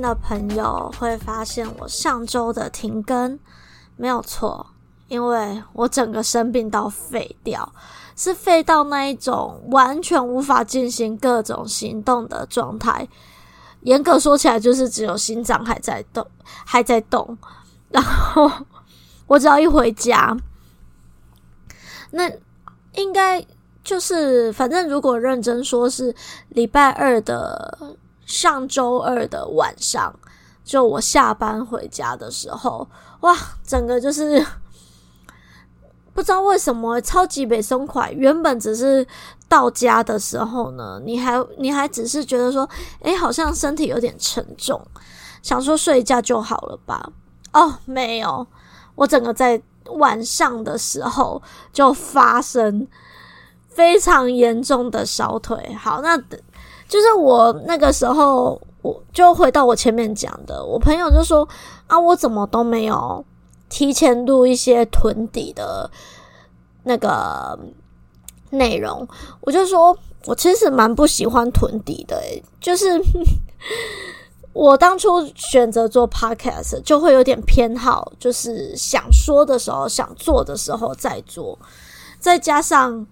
的朋友會發現我上周的停更沒有錯，因為我整個生病到廢掉，是廢到那一種完全無法進行各種行動的狀態。嚴格說起來，就是只有心臟還在動，還在動。然後我只要一回家，那應該就是反正如果認真說，是禮拜二的。上週二的晚上，就我下班回家的時候，哇，整個就是不知道為什麼、欸、超級沒鬆快。原本只是到家的時候呢，你還你還只是覺得說，哎、欸，好像身體有點沉重，想說睡一覺就好了吧？哦，沒有，我整個在晚上的時候就發生非常嚴重的燒腿。好，那。就是我那個時候，我就回到我前面講的，我朋友就說啊，我怎麼都沒有提前錄一些囤底的那個內容。我就說，我其實蠻不喜歡囤底的、欸，就是 我當初選擇做 Podcast 就會有點偏好，就是想說的時候想做的時候再做，再加上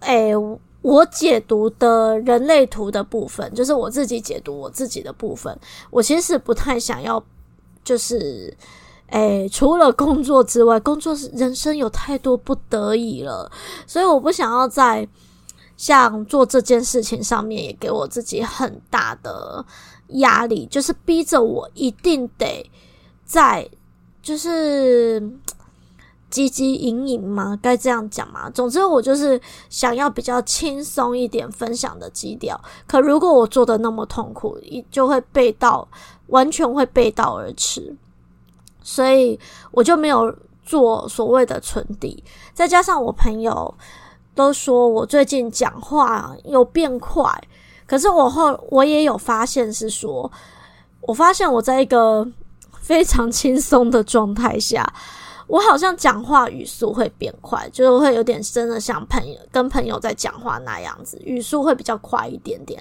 誒。欸我解讀的人類圖的部分，就是我自己解讀我自己的部分。我其實不太想要，就是，欸，除了工作之外，工作人生有太多不得已了，所以我不想要在像做這件事情上面也給我自己很大的壓力，就是逼着我一定得在就是。汲汲營營嘛，該這樣講嘛。總之，我就是想要比較輕鬆一點分享的基調。可如果我做的那麼痛苦，就會背道，完全會背道而馳。所以我就沒有做所謂的存底。再加上我朋友都說我最近講話又變快。可是我後我也有發現是說，我發現我在一個非常輕鬆的狀態下。我好像講話語速會變快，就是會有點真的像朋友跟朋友在講話那樣子，語速會比較快一點點。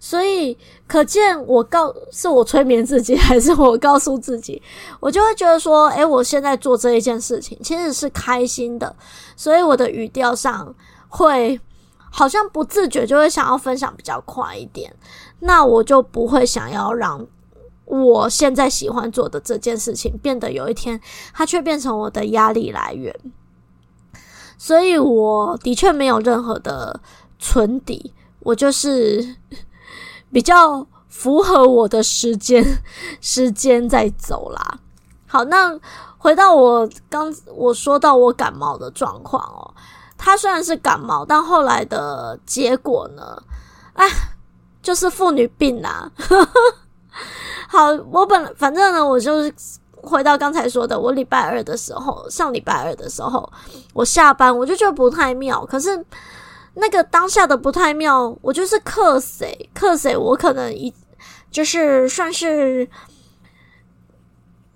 所以可見我告是我催眠自己，還是我告訴自己？我就會覺得說，誒，我現在做這一件事情其實是開心的，所以我的語調上會好像不自覺就會想要分享比較快一點，那我就不會想要讓。我現在喜歡做的這件事情，變得有一天，它卻變成我的壓力來源。所以，我的確沒有任何的存底，我就是比較符合我的時間，時間在走啦。好，那回到我剛我說到我感冒的狀況哦，它雖然是感冒，但後來的結果呢？啊，就是婦女病啊。 好，我本反正呢，我就是回到剛才說的，我禮拜二的時候，上禮拜二的時候，我下班我就覺得不太妙。可是那個當下的不太妙，我就是咳嗽咳嗽，欸、我可能一就是算是，誒、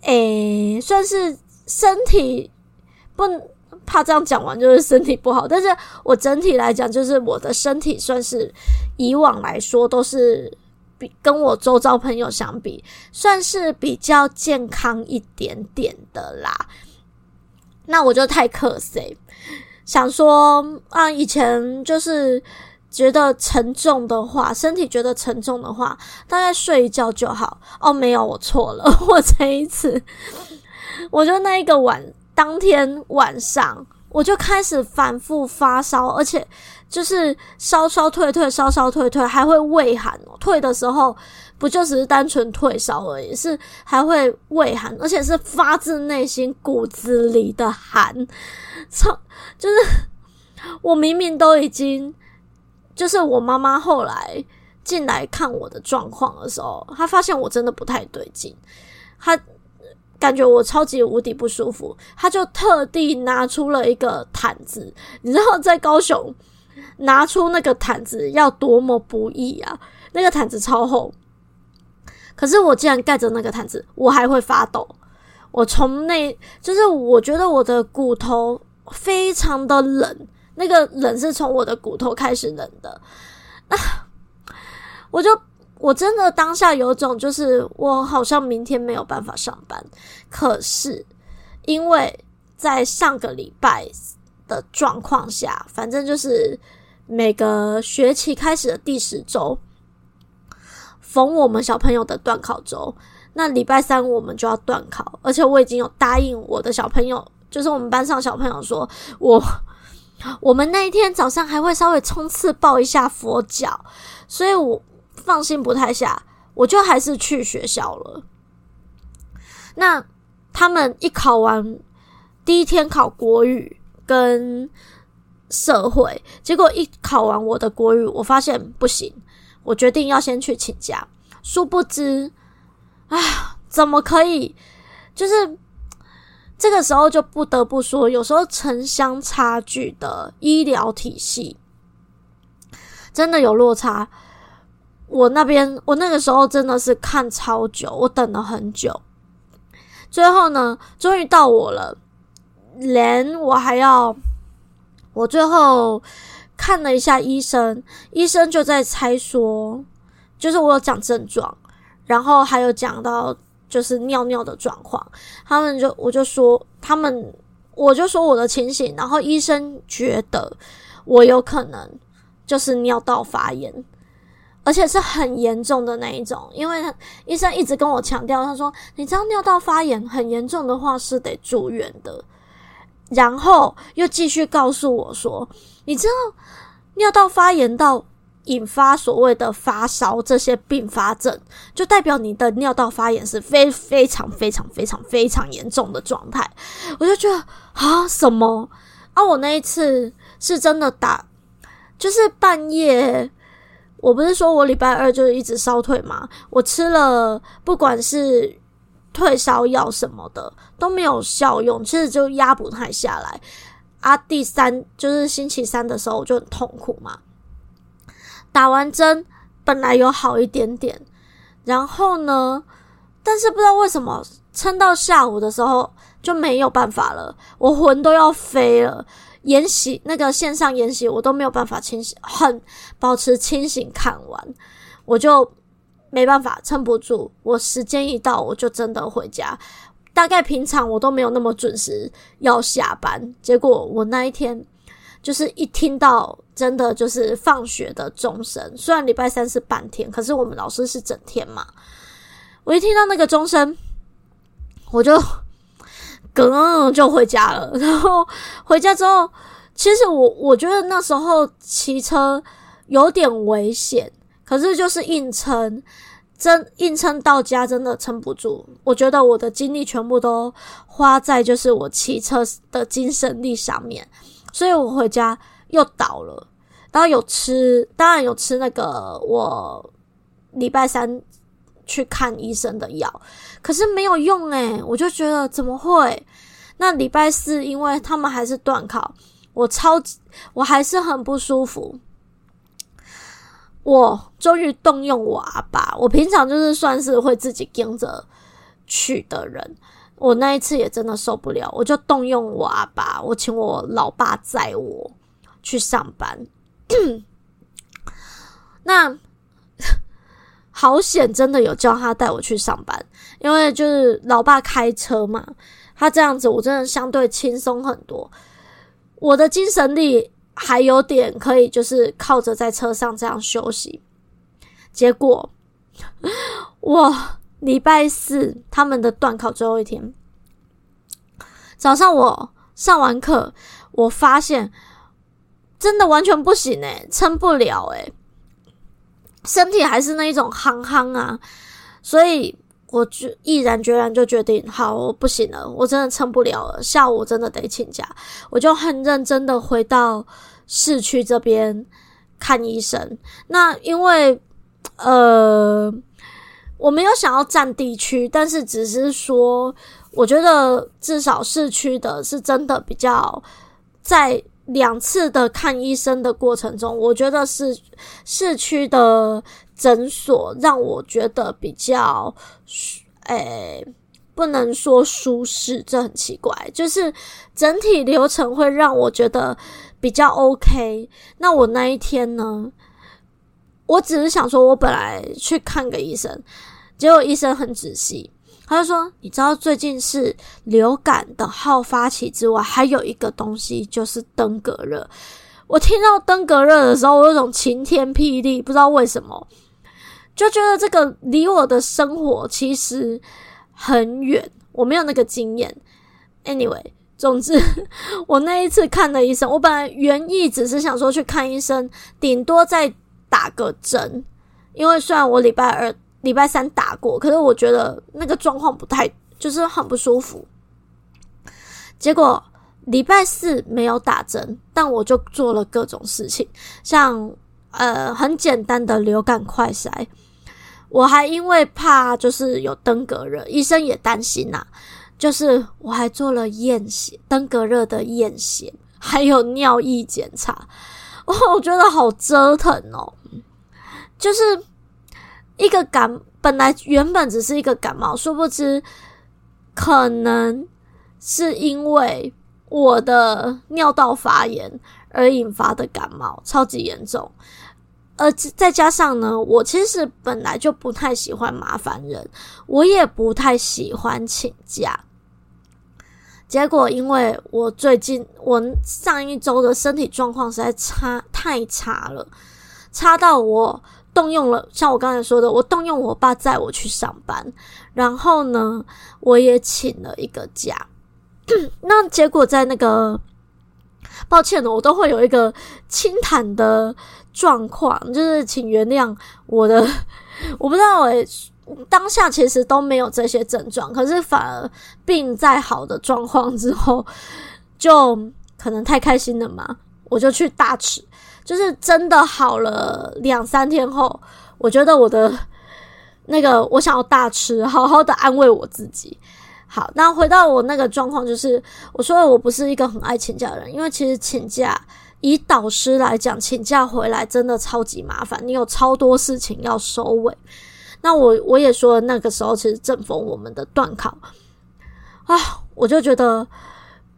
欸，算是身體不怕這樣講完，就是身體不好。但是我整體來講，就是我的身體算是以往來說都是。跟我周遭朋友相比，算是比較健康一點點的啦。那我就太可惜，想說啊，以前就是覺得沉重的話，身體覺得沉重的話，大概睡一覺就好。哦，沒有，我錯了，我這一次，我就那一個晚，當天晚上我就開始反覆發燒，而且。就是燒燒退退燒燒退退，還會畏寒。退的時候不就只是單純退燒而已，是還會畏寒，而且是發自內心骨子裡的寒。超就是我明明都已經，就是我媽媽後來進來看我的狀況的時候，她發現我真的不太對勁，她感覺我超級無敵不舒服，她就特地拿出了一個毯子，你知道在高雄，拿出那個毯子要多麼不易啊！那個毯子超厚，可是我竟然蓋着那個毯子，我還會發抖。我從那，就是我覺得我的骨頭非常的冷，那個冷是從我的骨頭開始冷的。那、啊、我就我真的當下有種，就是我好像明天沒有辦法上班。可是因為在上個禮拜。的狀況下，反正就是每個學期開始的第十周，逢我們小朋友的段考周，那禮拜三我們就要段考。而且我已經有答應我的小朋友，就是我們班上小朋友說，說我我們那一天早上還會稍微衝刺抱一下佛腳，所以我放心不太下，我就還是去學校了。那他們一考完第一天考國語。跟社會，結果一考完我的國語，我發現不行，我決定要先去請假。殊不知，啊，怎麼可以？就是這個時候就不得不說，有時候城鄉差距的醫療體系真的有落差。我那邊，我那個時候真的是看超久，我等了很久，最後呢，終於到我了。連我還要，我最後看了一下醫生，醫生就在猜說，就是我有講症狀，然後還有講到就是尿尿的狀況。他們就我就說，他們我就說我的情形，然後醫生覺得我有可能就是尿道發炎，而且是很嚴重的那一種。因為醫生一直跟我強調，他說，你知道尿道發炎很嚴重的話是得住院的。然後又繼續告訴我說：“你知道，尿道發炎到引發所謂的發燒這些併發症，就代表你的尿道發炎是非非常非常非常非常嚴重的狀態。”我就覺得啊，什麼啊？我那一次是真的打，就是半夜，我不是說我禮拜二就是一直燒退嗎？我吃了不管是。退燒藥什麼的都沒有效用，其實就壓不太下來。啊，第三就是星期三的時候，我就很痛苦嘛。打完針本來有好一點點，然後呢，但是不知道為什麼，撐到下午的時候就沒有辦法了，我魂都要飛了。演習那個線上演習我都沒有辦法清醒，很保持清醒看完，我就。沒辦法，撐不住。我時間一到，我就真的回家。大概平常我都沒有那麼準時要下班，結果我那一天就是一聽到真的就是放學的鐘聲。雖然禮拜三是半天，可是我們老師是整天嘛。我一聽到那個鐘聲，我就，咯咯咯就回家了。然後回家之後，其實我我覺得那時候騎車有點危險。可是就是硬撐，真硬撐到家真的撐不住。我覺得我的精力全部都花在就是我騎車的精神力上面，所以我回家又倒了。然後有吃，當然有吃那個我禮拜三去看醫生的藥，可是沒有用欸。我就覺得怎麼會？那禮拜四因為他們還是段考，我超級我還是很不舒服。我終於動用我阿爸，我平常就是算是會自己撐著去的人，我那一次也真的受不了，我就動用我阿爸，我請我老爸載我去上班。 那好險，真的有叫他帶我去上班，因為就是老爸開車嘛，他這樣子我真的相對輕鬆很多。我的精神力。還有點可以，就是靠着在車上這樣休息。結果我禮拜四他們的段考最後一天，早上我上完課，我發現真的完全不行哎、欸，撐不了哎、欸，身體還是那一種憨憨啊，所以。我就毅然決然就決定，好，我不行了，我真的撐不了了，下午我真的得請假。我就很認真的回到市區這邊看醫生。那因為呃，我沒有想要佔地區，但是只是說，我覺得至少市區的是真的比較，在兩次的看醫生的過程中，我覺得是市區的，診所讓我覺得比較，誒，不能說舒適，這很奇怪。就是整體流程會讓我覺得比較 OK。那我那一天呢，我只是想說，我本來去看個醫生，結果醫生很仔細，他就說，你知道最近是流感的號發起之外，還有一個東西就是登革熱。我聽到登革熱的時候，我有種晴天霹靂，不知道為什麼，就覺得這個離我的生活其實很遠，我沒有那個經驗。Anyway，總之我那一次看了醫生，我本來原意只是想說去看醫生，頂多再打個針，因為雖然我禮拜二、禮拜三打過，可是我覺得那個狀況不太，就是很不舒服。結果。禮拜四沒有打針，但我就做了各種事情，像呃很簡單的流感快篩，我還因為怕就是有登革熱，醫生也擔心吶、啊，就是我還做了驗血登革熱的驗血，還有尿液檢查，哇，我覺得好折騰哦、喔，就是一個感本來原本只是一個感冒，殊不知可能是因為。我的尿道發炎而引發的感冒超級嚴重，而、呃、再加上呢，我其實本來就不太喜歡麻煩人，我也不太喜歡請假。結果，因為我最近我上一周的身體狀況實在差太差了，差到我動用了像我剛才說的，我動用我爸載我去上班，然後呢，我也請了一個假。嗯、那結果在那個，抱歉呢，我都會有一個輕坦的狀況，就是請原諒我的，我不知道誒，當下其實都沒有這些症狀，可是反而病再好的狀況之後，就可能太開心了嘛，我就去大吃，就是真的好了兩三天後，我覺得我的那個我想要大吃，好好的安慰我自己。好，那回到我那個狀況，就是我說我不是一個很愛請假的人，因為其實請假以導師來講，請假回來真的超級麻煩，你有超多事情要收尾。那我我也說那個時候其實正逢我們的段考啊，我就覺得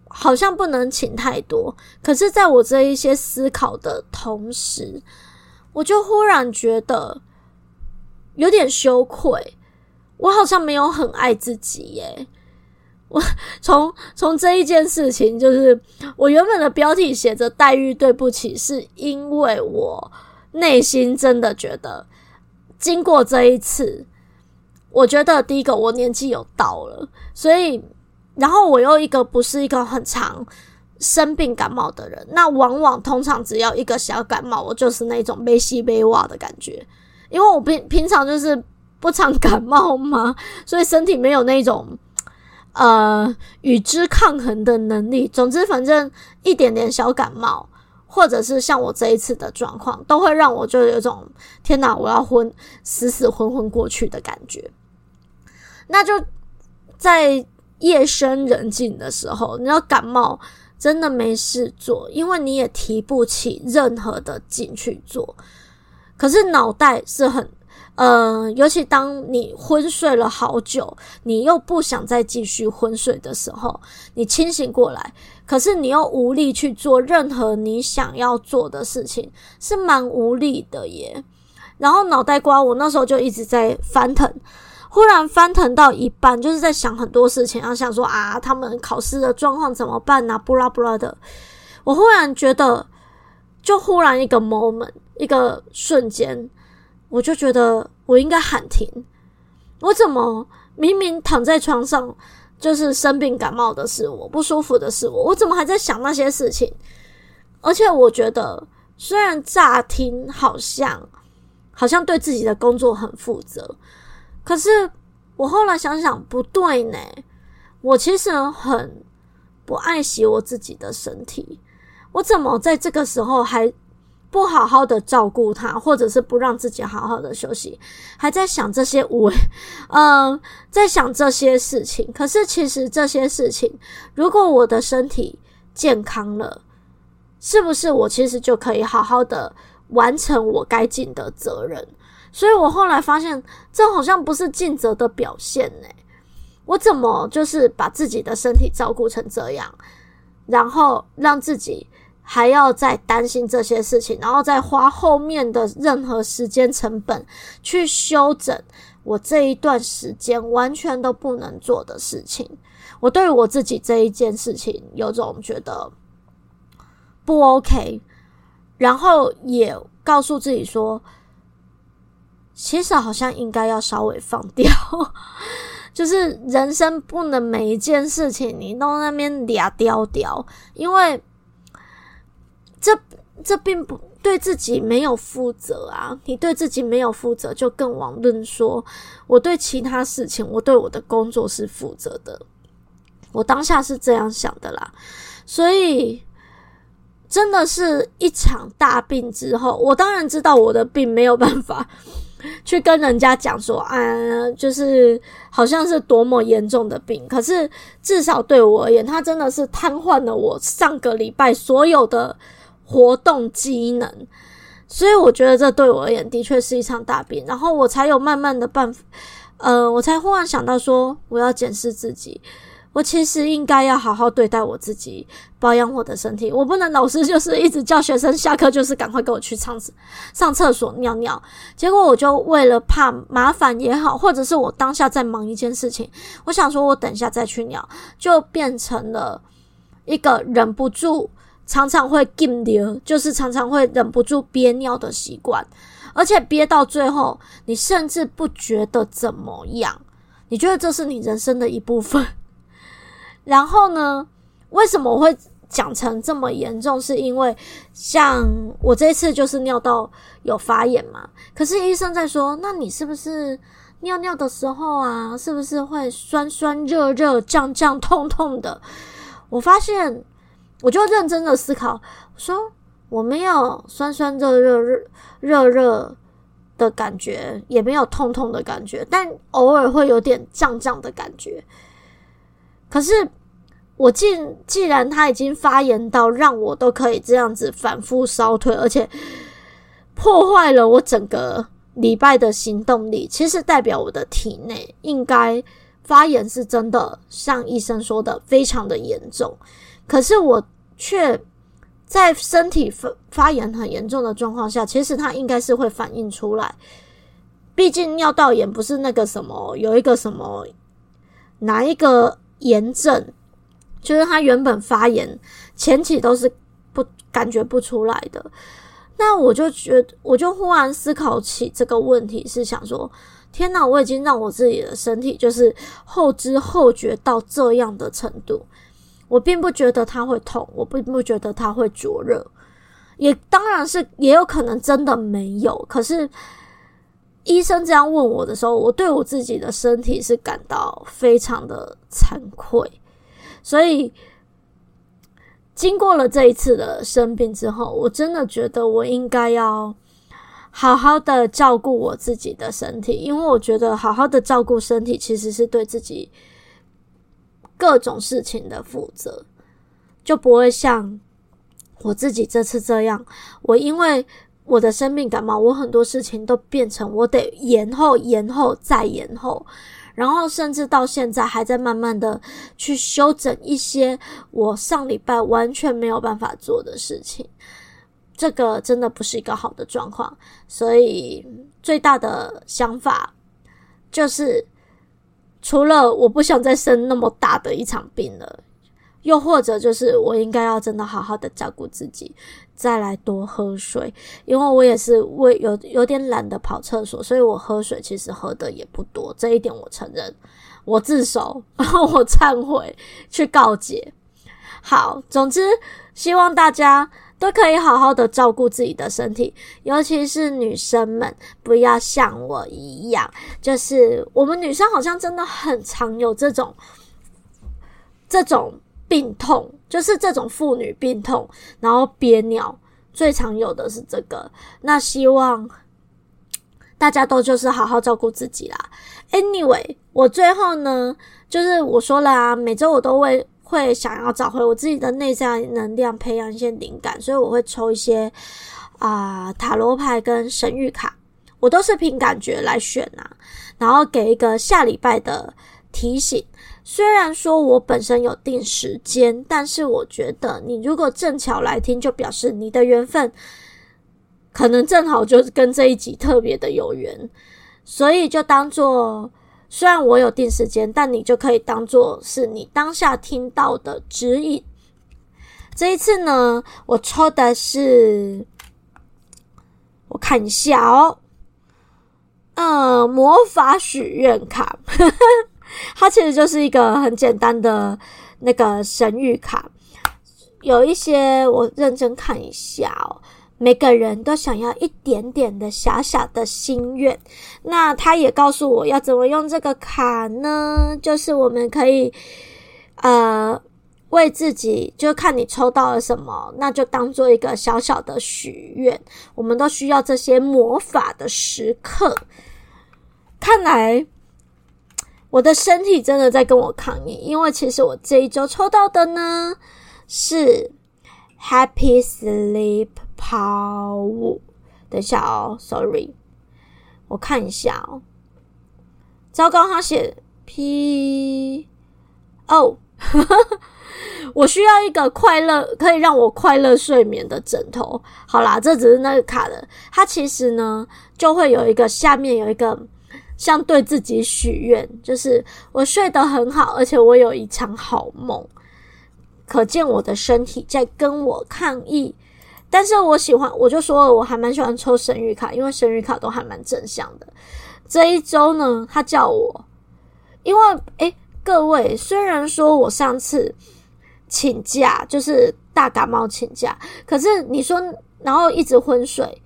好像不能請太多。可是，在我這一些思考的同時，我就忽然覺得有點羞愧，我好像沒有很愛自己耶、欸。我從從這一件事情，就是我原本的標題寫着“黛玉對不起”，是因為我內心真的覺得，經過這一次，我覺得第一個我年紀有到了，所以，然後我又一個不是一個很常生病感冒的人，那往往通常只要一個小感冒，我就是那種悲喜悲哇的感覺，因為我平平常就是不常感冒嘛，所以身體沒有那種。呃，與之抗衡的能力。總之，反正一點點小感冒，或者是像我這一次的狀況，都會讓我就有種，天哪，啊，我要昏死死昏昏過去的感覺。那就在夜深人靜的時候，你要感冒真的沒事做，因為你也提不起任何的勁去做。可是腦袋是很。呃，尤其當你昏睡了好久，你又不想再繼續昏睡的時候，你清醒過來，可是你又無力去做任何你想要做的事情，是蠻無力的耶。然後腦袋瓜我那時候就一直在翻騰，忽然翻騰到一半，就是在想很多事情，然後想說啊，他們考試的狀況怎麼辦呢？啊，布拉布拉的，我忽然覺得，就忽然一個 moment，一個瞬間。我就覺得我應該喊停。我怎麼明明躺在床上，就是生病感冒的是我，不舒服的是我，我怎麼還在想那些事情？而且我覺得，雖然乍聽好像好像對自己的工作很負責，可是我後來想想不對呢。我其實很不愛惜我自己的身體。我怎麼在這個時候還？不好好的照顧他，或者是不讓自己好好的休息，還在想這些我，嗯，在想這些事情。可是其實這些事情，如果我的身體健康了，是不是我其實就可以好好的完成我該盡的責任？所以我後來發現，這好像不是盡責的表現呢、欸，我怎麼就是把自己的身體照顧成這樣，然後讓自己。還要再擔心這些事情，然後再花後面的任何時間成本去修整我這一段時間完全都不能做的事情。我對於我自己這一件事情有種覺得不 OK，然後也告訴自己說，其實好像應該要稍微放掉， 就是人生不能每一件事情你都那邊倆雕雕，因為。這這並不對自己沒有負責啊！你對自己沒有負責，就更遑論說我對其他事情，我對我的工作是負責的。我當下是這樣想的啦，所以真的是一場大病之後，我當然知道我的病沒有辦法去跟人家講說，啊、呃，就是好像是多麼嚴重的病。可是至少對我而言，他真的是癱瘓了我上個禮拜所有的。活動機能，所以我覺得這對我而言的確是一場大病。然後我才有慢慢的辦法，呃，我才忽然想到說，我要檢視自己，我其實應該要好好對待我自己，保養我的身體。我不能老是就是一直叫學生下課就是趕快給我去上廁所尿尿。結果我就為了怕麻煩也好，或者是我當下在忙一件事情，我想說我等一下再去尿，就變成了一個忍不住。常常會禁尿，就是常常會忍不住憋尿的習慣，而且憋到最後，你甚至不覺得怎麼樣，你覺得這是你人生的一部分。然後呢，為什麼我會講成這麼嚴重？是因為像我這次就是尿道有發炎嘛？可是醫生在說，那你是不是尿尿的時候啊，是不是會酸酸、熱熱、脹脹、痛痛的？我發現。我就認真的思考，說我沒有酸酸熱熱、熱熱、熱熱熱的感覺，也沒有痛痛的感覺，但偶爾會有點脹脹的感覺。可是我既既然他已經發炎到讓我都可以這樣子反復燒退，而且破壞了我整個禮拜的行動力，其實代表我的體內應該發炎是真的，像醫生說的非常的嚴重。可是我。卻在身體發發炎很嚴重的狀況下，其實他應該是會反應出來。畢竟尿道炎不是那個什麼，有一個什麼哪一個炎症，就是他原本發炎前期都是不感覺不出來的。那我就覺，我就忽然思考起這個問題，是想說：天哪！我已經讓我自己的身體就是後知後覺到這樣的程度。我並不覺得他會痛，我並不覺得他會灼熱，也當然是也有可能真的沒有。可是醫生這樣問我的時候，我對我自己的身體是感到非常的慚愧。所以經過了這一次的生病之後，我真的覺得我應該要好好的照顧我自己的身體，因為我覺得好好的照顧身體其實是對自己。各種事情的負責，就不會像我自己這次這樣。我因為我的生病感冒，我很多事情都變成我得延後、延後再延後，然後甚至到現在還在慢慢的去修整一些我上禮拜完全沒有辦法做的事情。這個真的不是一個好的狀況，所以最大的想法就是。除了我不想再生那麼大的一場病了，又或者就是我應該要真的好好的照顧自己，再來多喝水，因為我也是為有有點懶得跑廁所，所以我喝水其實喝的也不多，這一點我承認，我自首，然後我懺悔，去告解。好，總之希望大家。都可以好好的照顧自己的身體，尤其是女生們，不要像我一樣，就是我們女生好像真的很常有這種這種病痛，就是這種婦女病痛，然後憋尿，最常有的是這個。那希望大家都就是好好照顧自己啦。Anyway，我最後呢，就是我說了啊，每周我都會。會想要找回我自己的內在能量，培養一些靈感，所以我會抽一些啊、呃、塔羅牌跟神諭卡，我都是憑感覺來選啊，然後給一個下禮拜的提醒。雖然說我本身有定時間，但是我覺得你如果正巧來聽，就表示你的緣分可能正好就是跟這一集特別的有緣，所以就當做。雖然我有定時間，但你就可以當做是你當下聽到的指引。這一次呢，我抽的是，我看一下哦，嗯，魔法許願卡， 它其實就是一個很簡單的那個神諭卡，有一些我認真看一下哦。每個人都想要一點點的小小的心願。那他也告訴我要怎麼用這個卡呢？就是我們可以，呃，為自己，就看你抽到了什麼，那就當做一個小小的許願。我們都需要這些魔法的時刻。看來我的身體真的在跟我抗議，因為其實我這一周抽到的呢是 Happy Sleep。好，等一下哦，Sorry，我看一下哦。糟糕他，他寫 P 哦，oh, 我需要一個快樂可以讓我快樂睡眠的枕頭。好啦，這只是那個卡的，它其實呢就會有一個下面有一個，像對自己許願，就是我睡得很好，而且我有一場好夢，可見我的身體在跟我抗議。但是我喜歡，我就說我還蠻喜歡抽神諭卡，因為神諭卡都還蠻正向的。這一周呢，他叫我，因為哎，各位，雖然說我上次請假就是大感冒請假，可是你說，然後一直昏睡，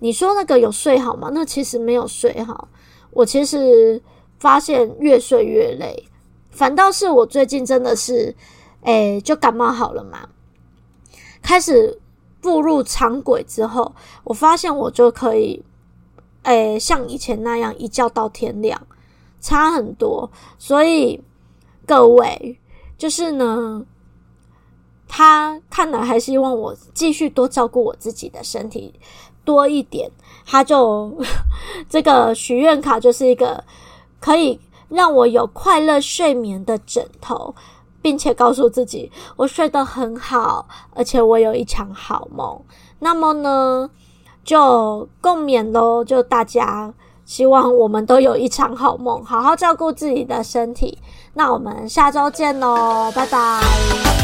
你說那個有睡好嗎？那其實沒有睡好。我其實發現越睡越累，反倒是我最近真的是，哎，就感冒好了嘛，開始。步入常軌之後，我發現我就可以，誒、欸，像以前那樣一覺到天亮，差很多。所以各位，就是呢，他看來還是希望我繼續多照顧我自己的身體多一點。他就呵呵，這個許願卡就是一個可以讓我有快樂睡眠的枕頭。並且告訴自己，我睡得很好，而且我有一場好夢。那麼呢，就共勉嘍！就大家希望我們都有一場好夢，好好照顧自己的身體。那我們下周見嘍，拜拜。